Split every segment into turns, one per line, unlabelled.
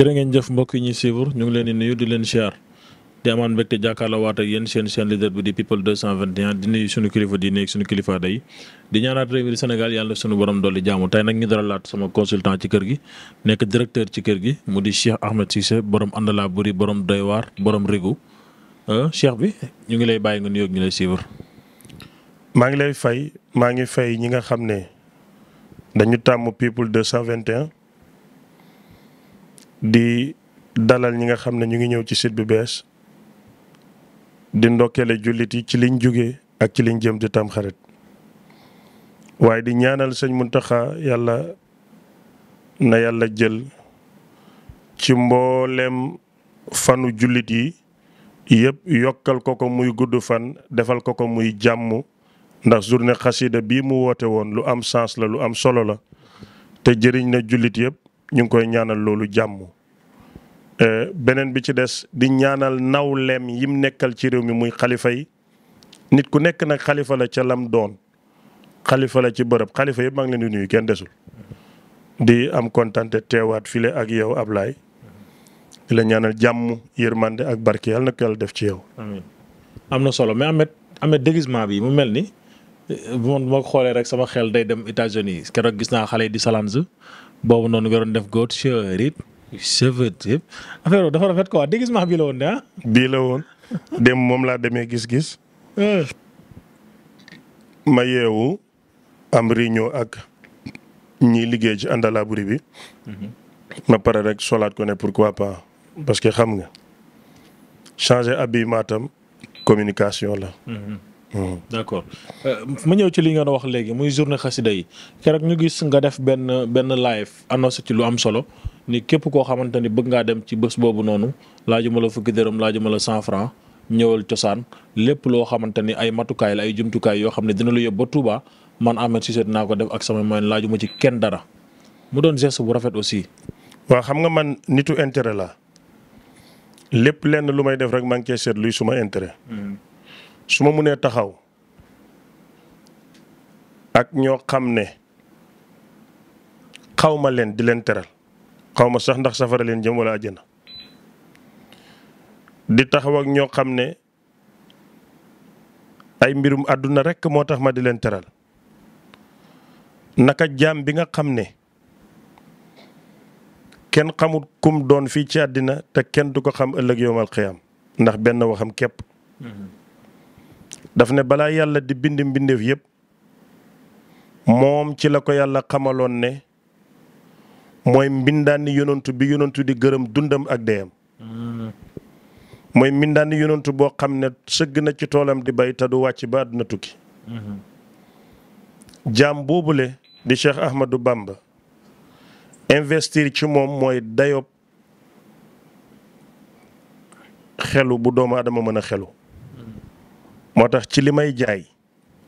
jërë ngeen jëf mbokk yi ñuy suivre ñu ngi leen di nuyu di leen siyaar di amaan mbégte jàkkaarloo waat ak yéen seen seen leader bi di people 221 di nuyu suñu kilifa di nekk suñu kilifa day di ñaanaat réew mi Sénégal yàlla sunu borom dolli jaamu tey nag ñu dalalaat sama consultant ci kër gi nekk directeur ci kër gi mu di Cheikh Ahmed Cissé borom àndalaa buri borom doy waar borom rigu euh, Cheikh bi ñu ngi lay bàyyi nga nuyoo ñu lay suivre.
maa ngi lay fay maa ngi fay ñi nga xam ne dañu tàmm people 221. di dalal ñi nga xam ne ñu ngi ñëw ci sit bu bees di ndokkeele jullit yi ci liñ jóge ak ci liñ jëm di tamxarit waaye di ñaanal sëñ Muntaxa yàlla na yàlla jël ci mboolem fanu jullit yi yëpp yokkal ko ko muy gudd fan defal ko ko muy jàmm ndax journée xasida bi mu woote woon lu am sens la lu am solo la te jëriñ na jullit yëpp ñu ngi koy ñaanal loolu jàmm Euh, beneen bi ci des di ñaanal nawleem yim nekkal ci réew mi muy xalifa yi nit ku nekk nag xalifa la ca lam doon xalifa la ci bërëb xalifa yëpp maa ngi leen di nuyu kenn desul di am kontaan te teewaat file ak yow Ablaye di la ñaanal jàmm yërmande ak barke yàlla na ko yàlla def ci yow. am na solo mais Ameth Ameth
déguisement bi mu mel ni man ma xoolee rek sama xel day dem États-Unis keroog gis naa xale yi di salange boobu noonu nga doon def góor cheveux yëpp affaire boobu dafa
rafet quoi déguisement bii la woon de ah. bii la woon dem moom laa demee gis-gis. Euh. ma yeewu am réunion ak ñiy liggéey ci àndala buri bi. Mhm. ma pare rek solaat ko ne pourquoi pas parce que xam nga changer habillement tam communication la. Mhm. Hmm. d'
accord euh, ma ñëw
ci li nga wax léegi muy journée xasida yi keroog ñu gis nga def
benn benn live annoncé ci lu am solo ni képp koo xamante ni bëgg ngaa dem ci bés boobu noonu laajuma la fukki dërëm laajuma la cent franc ñëwal cosaan lépp loo xamante ni ay matukaay la ay jumtukaay yoo xam ne dina lu yóbbu ba Touba man Ahmed Cissé naa ko def ak sama moyen laajuma ci kenn
dara mu doon geste bu rafet aussi. waa xam nga man nitu intérêt la lépp lenn lu may def rek maa ngi cee seet suma intérêt. Hmm. su ma mënee taxaw ak ñoo xam ne xawma leen di leen teral xaw ma sax ndax safara leen jëm wala àjjana di taxaw ak ñoo xam ne ay mbirum àdduna rekk moo tax ma di leen teral naka jaam bi nga xam ne kenn xamut kum doon fii ci àddina te kenn du ko xam ëllëg yowmal xiyaam ndax benn waxam képp. Mm-hmm. daf ne balaa yàlla di bind mbindeef yépp moom ci la ko yàlla xamaloon ne mooy mbindaani yonantu bi yonantu di gërëm dundam ak deyam mm-hmm. mooy mbindaani yonantu boo xam ne sëgg na ci toolam di bay te du wàcc ba àdduna tukki mm-hmm. jaam boobule di Cheikh Ahmadou Bamba investir ci moom mooy dayob xelu bu doomu aadama mën a xelu moo tax ci li may jaay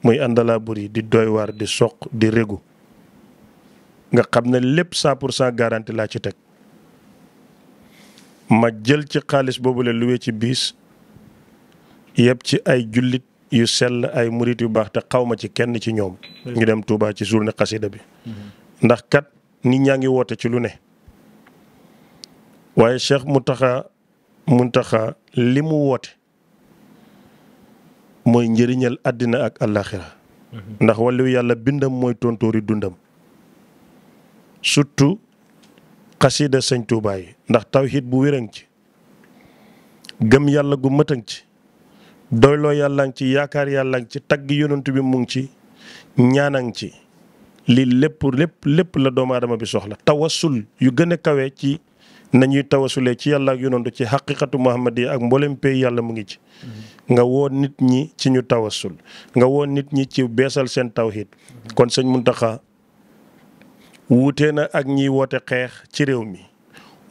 muy àndalaa buri di doy waar di soq di régu nga xam ne lépp 100 pour cent garanti laa ci teg ma jël ci xaalis boobu la luwe ci biis yëpp ci ay jullit yu sell ay murit yu baax te xaw ma ci kenn ci ñoom. ñu dem Touba ci journée xasida bi.
Mm-hmm.
ndax kat nit ñaa ngi woote ci lu ne. waaye Cheikh Mountakha Mountakha li mu woote. mooy njëriñal àddina ak àllaaxira ndax wàllu yàlla bindam mooy tontóori dundam surtout xasida sëñ Tuubaa yi ndax tawhid bu wérang ci gëm yàlla gu mëtan ci doyloo yàlla ngi ci yaakaar yàllang ci tagg yonent bi mu ngi ci ñaanan ci lii lépp lépp lépp la doomu aadama bi soxla tawassul yu gën kawe nañuy tawasulee ci yàlla ak yonantu ci xaqiqatu muhammad yi ak mboolem pay yàlla mu ngi ci. Mm-hmm. nga woo nit ñi ci ñu tawasul nga woo nit ñi ci beesal seen tawhid mm-hmm. kon sëñ Muntaxa wuutee na ak ñiy woote xeex ci réew mi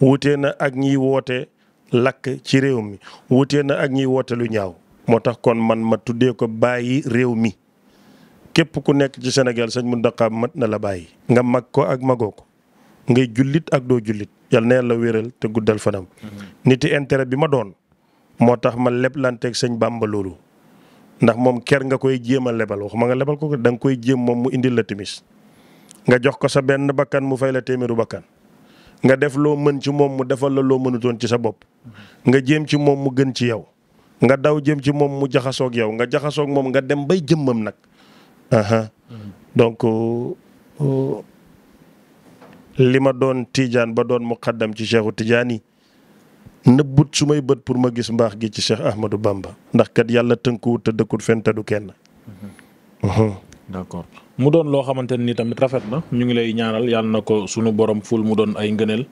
wuutee na ak ñiy woote lakk ci réew mi wuutee na ak ñiy woote lu ñaaw moo tax kon man ma tuddee ko bàyyi réew mi képp ku nekk ci senegal sëñ Muntaxa mat na la bàyyi nga mag ko ak magoo ko ngay jullit ak doo jullit yal na yàlla wéral te guddal fanam. Mm-hmm. niti intérêt bi ma doon moo tax ma leblanteeg sëñ Bàmba loolu ndax moom ker nga koy jéem a lebal wax ma nga lebal ko da nga koy jéem moom mu indil la timis nga jox ko sa benn bakkan mu fay la téeméeru bakkan nga def loo mën ci moom mu defal la loo mënutoon ci sa bopp mm-hmm. nga jéem ci moom mu gën ci yow nga daw jéem ci moom mu jaxasoog yow nga jaxasoog moom nga dem bay jëmmam nag. Mm-hmm. donc euh, euh, li ma doon tiijaan ba doon muqaddam ci cheikhu tijaan yi nëbbut su may bët pour ma gis mbaax gi ci cheikh ahmadou bamba ndax kat yàlla tënkuwut te dëkkul fen te du kenn mhm. d'accord
mu doon loo xamante ni tamit rafet na ñu ngi lay ñaanal yàlla na ko sunu borom ful mu doon ay ngëneel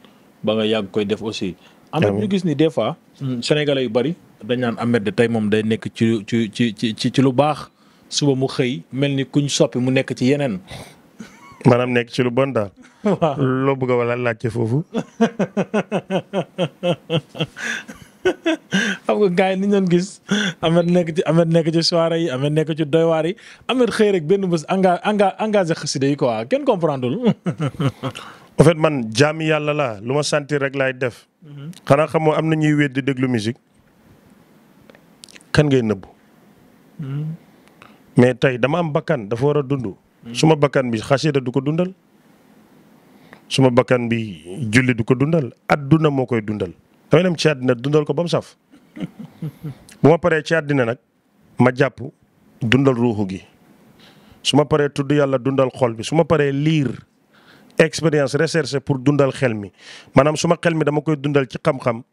ba nga yàgg koy def aussi am na ñu gis nii des fois mm, sénégalais yu bari dañ naan Ameth de tey moom day nekk ci ci ci ci ci lu baax suba mu xëy mel ni kuñ soppi mu nekk ci yeneen maanaam nekk ci lu bon daal.
loo bëgg a wala foofu.
xam yi ni ñu gis Ameth nekk ci Ameth nekk ci soirée yi Ameth nekk
ci doywaar yi Ameth xëy rek benn bés enga enga engagé xasida yi quoi kenn comprendre lul. en fait man jaami yàlla la lu ma sentir rek laay def. xanaa xamoo am na ñuy wéet di déglu musique kan ngay nëbbu. Hmm. mais tey dama am bakkan dafa war a dund. suma bakkan bi xasida du ko dundal suma bakkan bi julli du ko dundal adduna moo koy dundal damay dem ci àddina dundal ko ba mu saf bu ma paree ci àddina nag ma jàpp dundal ruuxu gi su ma paree tudd yàlla dundal xol bi su ma paree liir expérience recherche pour dundal xel mi maanaam su ma xel mi dama koy dundal ci xam-xam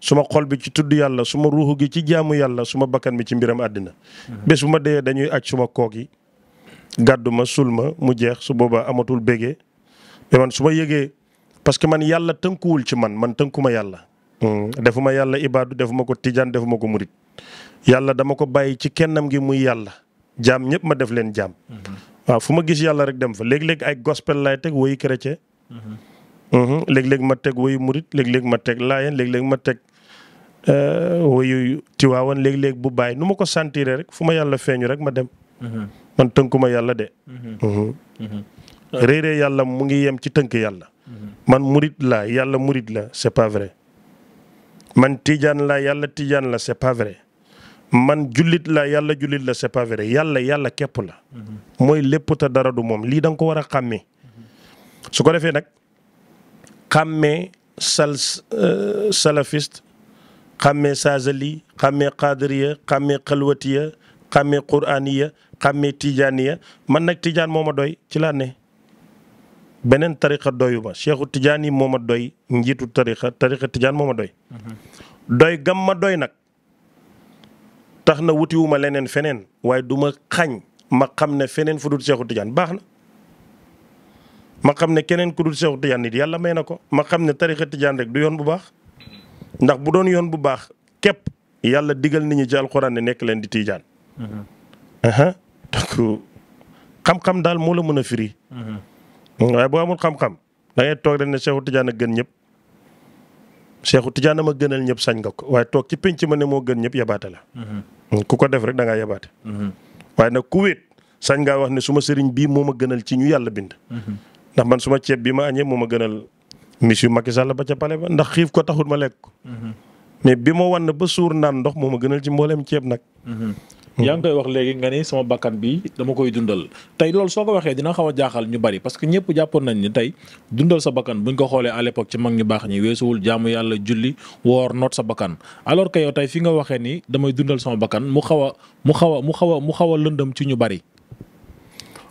su ma xol bi ci tudd yàlla su ma ruuxu gi ci jaamu yàlla su ma bakkan bi ci mbiram àddina bés bu ma dee dañuy aj suma koog gàddu ma sul ma mu jeex su boobaa amatul bégee mais su ma yëgee parce que man yàlla tënkuwul ci man man tënku ma yàlla. Hmm, defuma yàlla ibaadu defuma ko tijaan defuma ko murit yàlla dama ko bàyyi ci kennam gi muy yàlla jaam ñëpp ma def leen jaam. Mm-hmm. waaw fu ma gis yàlla rek dem fa léeg-léeg ay gospel laay teg woyu chrétien. Mm-hmm. Mm-hmm. léeg-léeg ma teg woyu murit léeg-léeg ma teg laayeen léeg-léeg ma teg euh, woyu tiwaawan léeg-léeg bu bàyyi nu ma ko sentir rek fu ma yàlla feeñu rek ma dem. man tënkuma yàlla de. Mm-hmm. Mm-hmm. Mm-hmm. Uh, réeree yàlla mu ngi yem ci tënk yàlla. man murit la yàlla murit la c'est pas vrai. man tijaan la yàlla tijaan la c'est vrai. man jullit la yàlla jullit la c'est vrai yàlla yàlla képp la. mooy lépp te dara du moom lii da ko war a xàmmee. su ko defee nag xàmmee sal uh, salafiste xàmmee saazali xàmmee qadiriya xàmmee xalwatiya xàmmee quraaniya xàmmee ya man nag tijaan moo ma doy ci laa ne beneen doyu doyuma seexu tijaan yi moo ma doy njiitu tarixa tarixa tijaan moo ma doy mhm. doy gam ma doy nag tax na wutiwuma leneen feneen waaye du ma xañ ma xam ne feneen fu dul seexu tijaan baax na ma xam ne keneen ku dul seexu tijaan nit yàlla may na ko ma xam ne tarixa tijaan rek du yoon bu baax ndax bu doon yoon bu baax képp yàlla digal nit ñi ci alxuraan ne nekk leen di tiijaan mhm. donc xam-xam daal moo la mën a firi. waaye boo amul xam da ngay toog rek ne Cheikhou Tidiane a gën ñëpp. Cheikhou Tidiane ma gënal ñëpp ci penc ma moo gën ñëpp yabaate la. ku ko def rek da yabaate. waaye nag ku wéet sañ ngaa wax ne suma sëriñ bii moo ma gënal ci ñu yàlla bind. ndax man suma ceeb bi ma añee moo ma gënal monsieur Macky Sall ba ca pale ba ndax xiif ko taxul ma lekk ko. Mhm. mais bi ma wan ba suur naan ndox moo ma gënal ci mbooleem ceeb nag. yaa ngi koy wax léegi nga ni
sama bakkan bi dama koy dundal tey loolu soo ko waxee dina xaw a jaaxal ñu bari parce que ñëpp jàppoon nañ ni tey dundal sa bakkan bu ñu ko xoolee à l'époque ci mag ñu baax ñi weesuwul jaamu yàlla julli woor noot sa bakkan alors que yow tey fi nga waxee ni damay dundal sama bakkan mu xaw a mu xaw a mu xaw a mu xaw a lëndëm
ci ñu bari.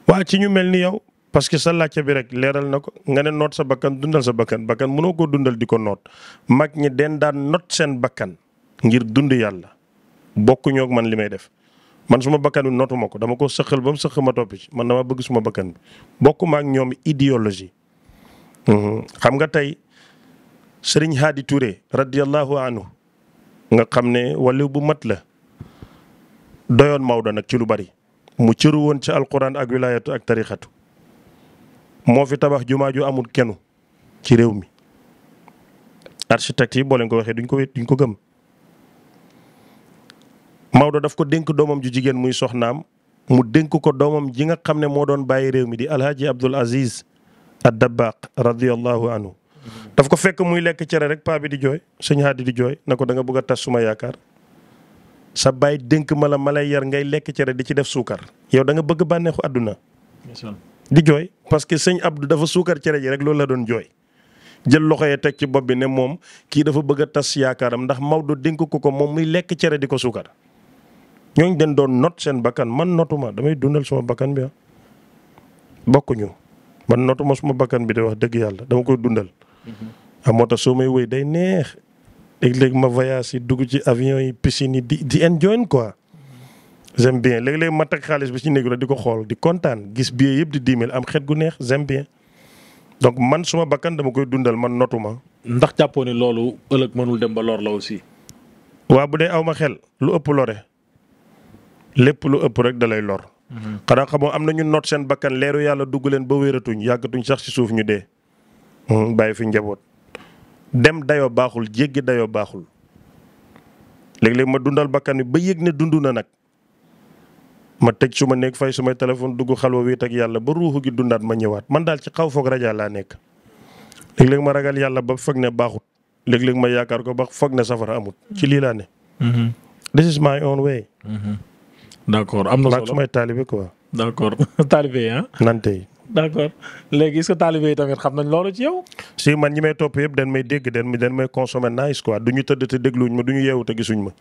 waa ci ñu mel ni yow parce que sa laajte bi rek leeral na ko nga ne noot sa bakkan dundal sa bakkan bakkan mënoo ko dundal di ko noot mag ñi den daan not seen bakkan ngir dund yàlla bokkuñoo ak man li may def man suma bakkan bi notu ma ko dama ko sëqal ba mu sëq ma topp man na dama bëgg suma bakkan bi bokkuma ak ñoom idéologie mhm. xam nga tey sëriñ Hadi Touré radiyallahu anhu nga xam ne waliw bu mat la doyoon Maodo nag ci lu bari mu cëru woon ci alquran ak wilaayatu ak tarixatu moo fi tabax jumaa ju amul kennu ci réew mi architecte yi boo leen ko waxee duñ ko duñ ko gëm Maodo daf ko dénk doomam ju jigéen muy soxnaam mu dénk ko doomam ji nga xam ne moo doon bàyyi réew mi di alhaji Abdul Aziz ad Dabbaq radiyallahu anhu daf ko fekk muy lekk cere rek paa bi di jooy sëñ Haadi di jooy na ko da nga bëgg a tas suma yaakaar sa baay dënk ma la ma lay yar ngay lekk cere di ci def suukar yow da nga bëgg bànneexu àdduna di jooy parce que sëñ Abdou dafa suukar cere ji rek loolu la doon jooy jël loxo yee teg ci bopp bi ne moom kii dafa bëgg a tas yaakaaram ndax Maodo dénk ko ko moom muy lekk cere di ko suukar. ñooñ den doon not seen bakkan man notuma damay dundal suma bakkan bi ah bokkuñu man notuma suma bakkan bi day wax dëgg yàlla dama koy dundal. Mhm. Ah, moo tax soo may wéy day neex léeg ma voyage yi dugg ci avion yi piscine yi di di enjoy quoi. j'aime bien léeg-léeg ma teg xaalis bi ci néegu la di ko xool di kontaan gis billet yëpp di diimel am xet gu neex j'aime bien donc man suma bakkan dama koy dundal man notuma ndax jàppoo ne loolu ëllëg mënul dem ba lor la aussi. waaw bu dee aw ma xel lu ëpp lore. lépp lu ëpp rek da lay lor. Mhm. xanaa xamoo am na ñu noot seen bakkan leeru yàlla dugg leen ba wéeratuñ yàggatuñ sax ci suuf ñu dee. Hmm, bàyyi fi njaboot dem dayoo baaxul jéggi dayoo baaxul léeg-léeg ma dundal bakkan bi ba yëg ne dund na nag ma tëj su ma nekk fay sumay téléphone dugg xalwa wéet yàlla ba ruuxu gi dundaat ma ñëwaat man daal ci xaw foog rajo laa nekk. léeg-léeg ma ragal yàlla ba foog ne baaxut léegi léeg ma yaakaar ko ba foog ne safara amut ci lii laa ne. Mhm. this is my own way. Mhm. d' accord na solo su may taalibe quoi. d' accord ah. nante yi. léegi est ce que yi tamit xam nañ loolu ci yow. si man ñi may topp yëpp dañ may dégg dañ may dañ may consommer nice quoi du ñu tëdd te dégluwuñ ma du ñu yeewu te gisuñ ma.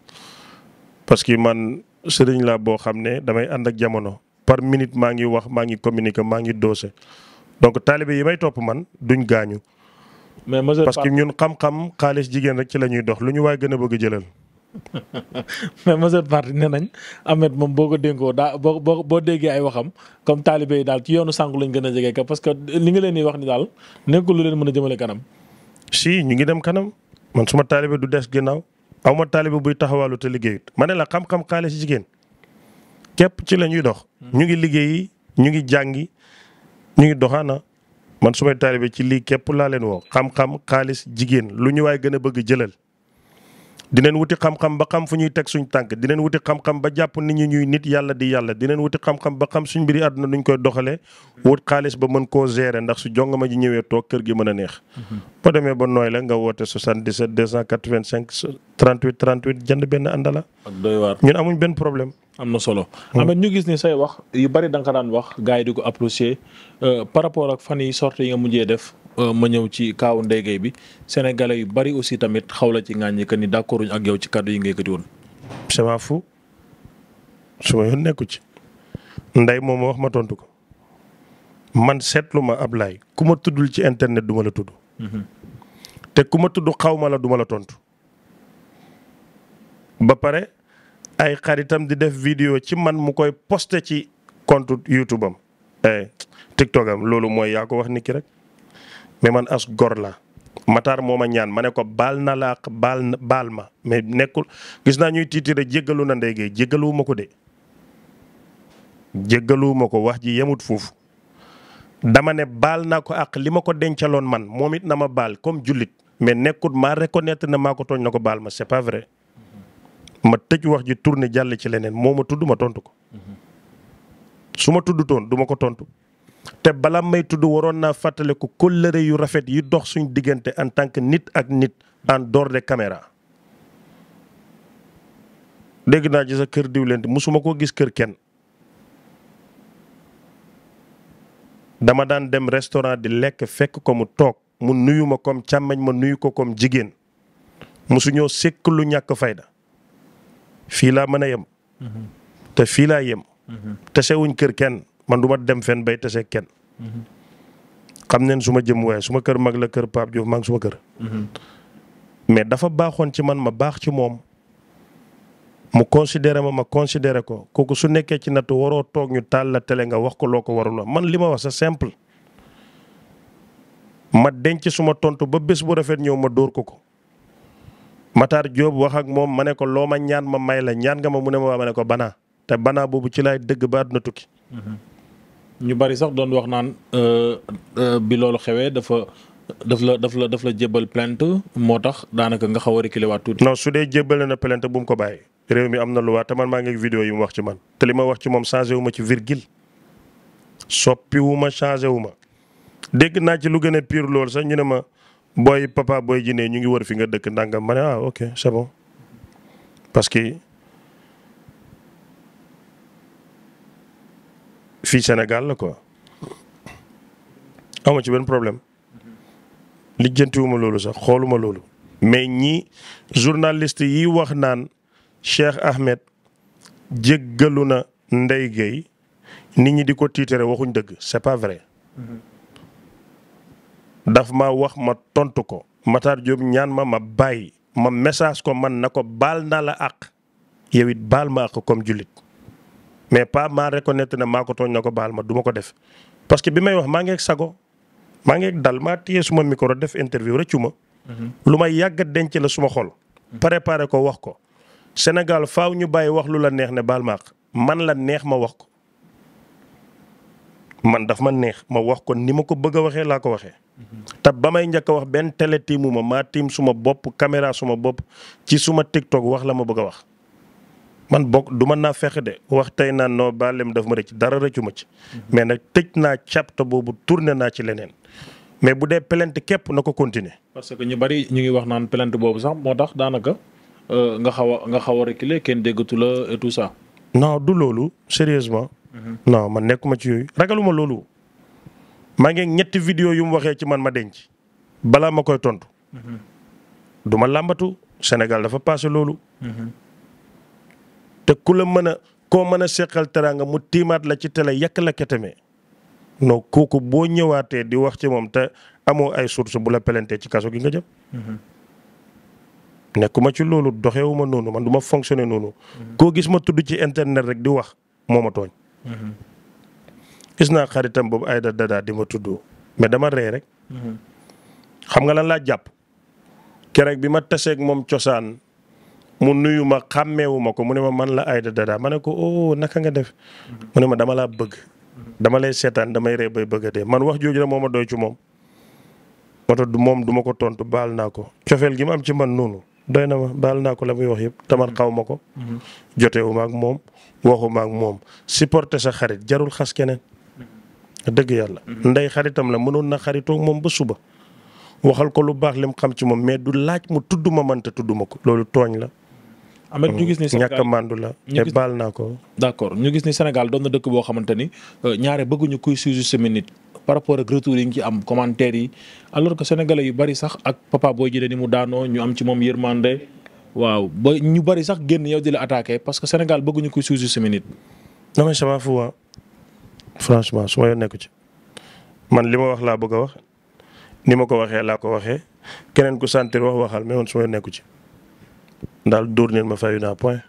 parce que man sëriñ laa boo xam ne damay ànd ak jamono par minute maa ngi wax maa ngi communiquer maa ngi doose donc taalibe yi may topp man duñ gaañu. mais parce que ñun xam-xam xaalis jigéen rek ci la ñuy dox lu ñu waaye gën a bëgg jëlal.
mais majeure partie ne nañ Ahmed moom boo ko dénkoo daa boo boo boo déggee ay waxam comme taalibe daal ci yoonu sàngu lañ gën a jege ka parce que li nga leen di wax ni daal
nekkul lu leen mën a jëmale kanam. si ñu ngi dem kanam man suma taalibe du des ginnaaw aw ma buy taxawaalu te liggéeyut ma ne la xam-xam xaale jigéen képp ci la ñuy dox. Hmm. ñu ngi liggéeyi ñu ngi jàngi ñu ngi doxaana man sumay taalibe ci lii képp laa leen woo xam-xam xaalis jigéen lu ñu waay gën a bëgg jëlal. dineen wuti xam-xam ba xam fu ñuy teg suñ tànk dineen wuti xam-xam ba jàpp nit ñi ñuy nit yàlla di yàlla dineen wuti xam-xam ba xam suñ mbiri àdduna nuñ koy doxalee wut xaalis ba mën koo gérer ndax su jongama ji ñëwee toog kër gi mën a neex mm-hmm. boo demee ba nooy la nga woote 77 285 38 38 jënd benn àndala doy waar ñun amuñ benn problème am na solo mm. amet ñu gis ni
say wax yu bari da nga daan wax gars yi di ko apprécier euh, par rapport ak fan yi sorte yi nga mujjee def Euh, ma ñëw ci kaawu Ndeye bi sénégalais yu bari aussi tamit xaw la ci ŋàññi que ni d'accorduñ ak yow ci kàddu yi nga yëkkati woon.
c'est ma fu suma yoon nekku ci Ndeye moom wax ma tontu ko man seetlu ma Ablaye ku ma tuddul ci internet duma la tudd. Mhm. te ku ma tudd xaw ma la duma la tontu. ba pare ay xaritam di def vidéo ci man mu koy posté ci compte YouTube am eh TikTok loolu mooy yaa ko wax nit ki rek. mais man as gor la Matar moo ma ñaan ma ne ko baal na laaq baal baal ma mais nekkul gis naa ñuy tiitire jéggalu na ndéygee jéggaluwu ma ko de jéggaluwu ko wax ji yemut foofu dama ne baal naa ko ak li ma ko dencaloon man moom it na ma baal comme jullit mais nekkut maa reconnaître na maa ko tooñ na ko baal ma c'est pas vrai ma tëj wax ji tourné jàll ci leneen moom ma tudd ma tontu ko su ma tudd toon duma ko tontu. te bala may tudd waroon naa ko kóllëre yu rafet yi dox suñ diggante en tant que nit ak nit en dehors des caméras dégg naa ci sa kër diwlente musuma ko gis kër kenn dama daan dem restaurant di lekk fekk ko mu toog mu nuyu ma comme càmmeñ ma nuyu ko comme jigéen musuñoo sekk lu ñàkk fayda fii laa mën a yem mhm. te fii laa yem mhm. te sewuñ kër kenn man du ma dem fenn bay tase kenn. xam neen su ma jëm waaye su kër mag la kër Pape Diouf maa ngi kër. mais dafa baaxoon ci man ma baax ci moom mu considéré ma ma considéré ko kooku su nekkee ci nattu waroo toog ñu taal la nga wax loo ko warul man li ma wax c'est simple. ma denc suma tontu ba bés bu rafet ñëw ma dóor ko ko Matar Diop wax ak moom ma ne ko loo ma ñaan ma may la ñaan nga ma mu ne ma ma ne ko banaa te banaa boobu ci laay dëgg ba àdduna tukki. ñu bari
sax doon wax naan euh, euh, bi loolu xewee
dafa daf la daf la daf la jébbal plainte moo tax daanaka nga xaw a reculer waat tuuti. non su dee jébbale na plainte bu ko bàyyi. réew mi am na lu waat te maa ngi vidéo yi wax ci man te li ma wax ci moom changé wu ma ci virgule soppiwu ma changé wu ma dégg naa ci lu gën a pire loolu sax ñu ne ma booy papa booy jinne ñu ngi war fi nga dëkk ndàngam ma ne ah ok c'est fii Sénégal la quoi amu ci benn problème lijjantiwuma loolu sax xooluma loolu. mais ñi journaliste yi wax naan Cheikh Ahmed jëggalu na Ndeye Gueye nit ñi di ko tiitare waxuñ dëgg c'est pas vrai. daf ma wax ma tontu ko Matar Diop ñaan ma ma bàyyi ma message ko man na ko baal naa la àq yow baal ma àq comme jullit mais pas maa reconnaître ne maa ko tooñ na ko baal ma duma ko def parce que bi may wax maa ngi sago maa ngi dal maa téye suma micro def interview rëccu ma. Mhm. lu may yàgg denc la suma xol. Mhm. préparé ko wax ko. Sénégal faw ñu bàyyi wax lu la neex ne baal ma man la neex ma wax ko man dafa ma neex ma wax ko ni ma ko bëgg a waxee laa ko waxee. Mhm. te ba may njëkk wax benn télé tiimu ma maa tiim suma bopp caméra suma bopp ci suma TikTok wax la ma bëgg a wax. man bokk du man naa fexe de wax tey naan noo baalem daf ma rëcc dara rëccu ma ci. mais nag tëj naa chapte boobu tourné naa ci leneen. mais bu dee plainte képp na ko continuer. parce que ñu bari ñu ngi wax naan plainte boobu sax moo tax daanaka
euh, nga xaw a nga xaw a reculer kenn déggatu la et tout ça.
non du loolu sérieusement mhm. non man nekkuma ci yooyu ragaluma loolu. maa ngi ñetti vidéo yu mu waxee ci man ma denc. balaa ma koy tontu. Mhm. du ma làmbatu Sénégal dafa passé loolu. Mhm. te ku la mën a koo mën a seqal teraanga mu tiimaat la ci télé yàq la ketame noo kooku boo ñëwaatee di wax ci moom te amoo ay source bu la pelentee ci kaso gi nga jëm. Mhm. nekkuma ci loolu doxewuma noonu man du ma fonctionner noonu. Mhm. koo gis ma tudd ci internet rek di wax moo ma tooñ. Mhm. gis naa xaritam boobu ay da dadaa di ma tudd mais dama ree rek. xam nga lan laa jàpp keroog bi ma taseeg moom cosaan. mu nuyu ma xàmmeewu ko mu ne ma man la Aïda Dada ma ne ko oh naka nga def mu ne ma dama laa bëgg dama lay seetaan damay ree bay bëgg a man wax jooju la moo ma doy ci moom. moo tax moom du ma ko tontu baal naa ko cofeel gi ma am ci man noonu doy na baal naa ko la muy wax yëpp tamit xaw ma ko. ak moom waxu ma moom supporter sa xarit jarul xas keneen. dëgg yàlla. ndey xaritam la mënoon na xaritoog moom ba suba. waxal ko lu baax lim xam ci moom mais du laaj mu tudd ma man te tudd ma ko loolu tooñ la.
Ameth ñu gis ni Sénégal ñàkk mandu
la te baal naa ko.
d' accord ñu gis ni Sénégal doon na dëkk boo xamante ni euh, ñaare bëgguñu kuy suivi semi nit par rapport ak retour yi ñu ci am commentaire yi alors que sénégalais yu bari sax ak papa boo jëlee ni mu daanoo ñu am ci moom yërmande waaw ba ñu bari sax génn yow di la attaqué parce que Sénégal bëgguñu kuy suivi semi nit.
non mais sama fuwa franchement su ma yoon nekku ci man li ma wax laa bëgg a wax ni ma ko waxee laa ko waxee keneen ku sentir wax waxal mais man su nekku ci. daal door neen ma fayu naa point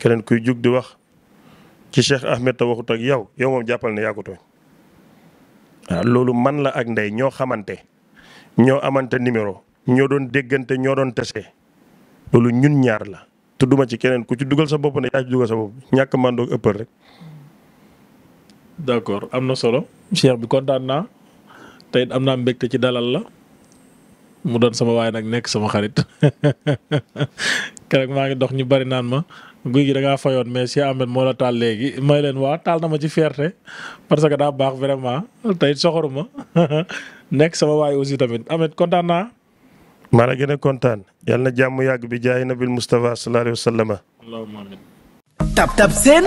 keneen kuy jug di wax ci Cheikh Ahmed te waxut ak yow yow moom jàppal na yaa ko waaw loolu man la ak ndey ñoo xamante ñoo amante numéro ñoo doon déggante ñoo doon tese loolu ñun ñaar la tudduma ci keneen ku ci dugal sa bopp ne yaa ci sa bopp ñàkk mandoog ëppal rek d'accord am na solo Cheikh bi kontaan naa
tey am na mbégte ci dalal la mu doon sama waay nag nekk sama xarit keroog maa ngi dox ñu bari naan ma guy gi da ngaa fayoon mais si Ahmed moo la taal léegi may leen waa taal na ma ci fierté parce que daa baax vraiment tey soxoruma nekk sama waay aussi tamit amet kontaan maa
la gën kontaan yàlla na jàmm yàgg bi jaay nabil Moustapha sallallahu alayhi wa sallam. seen.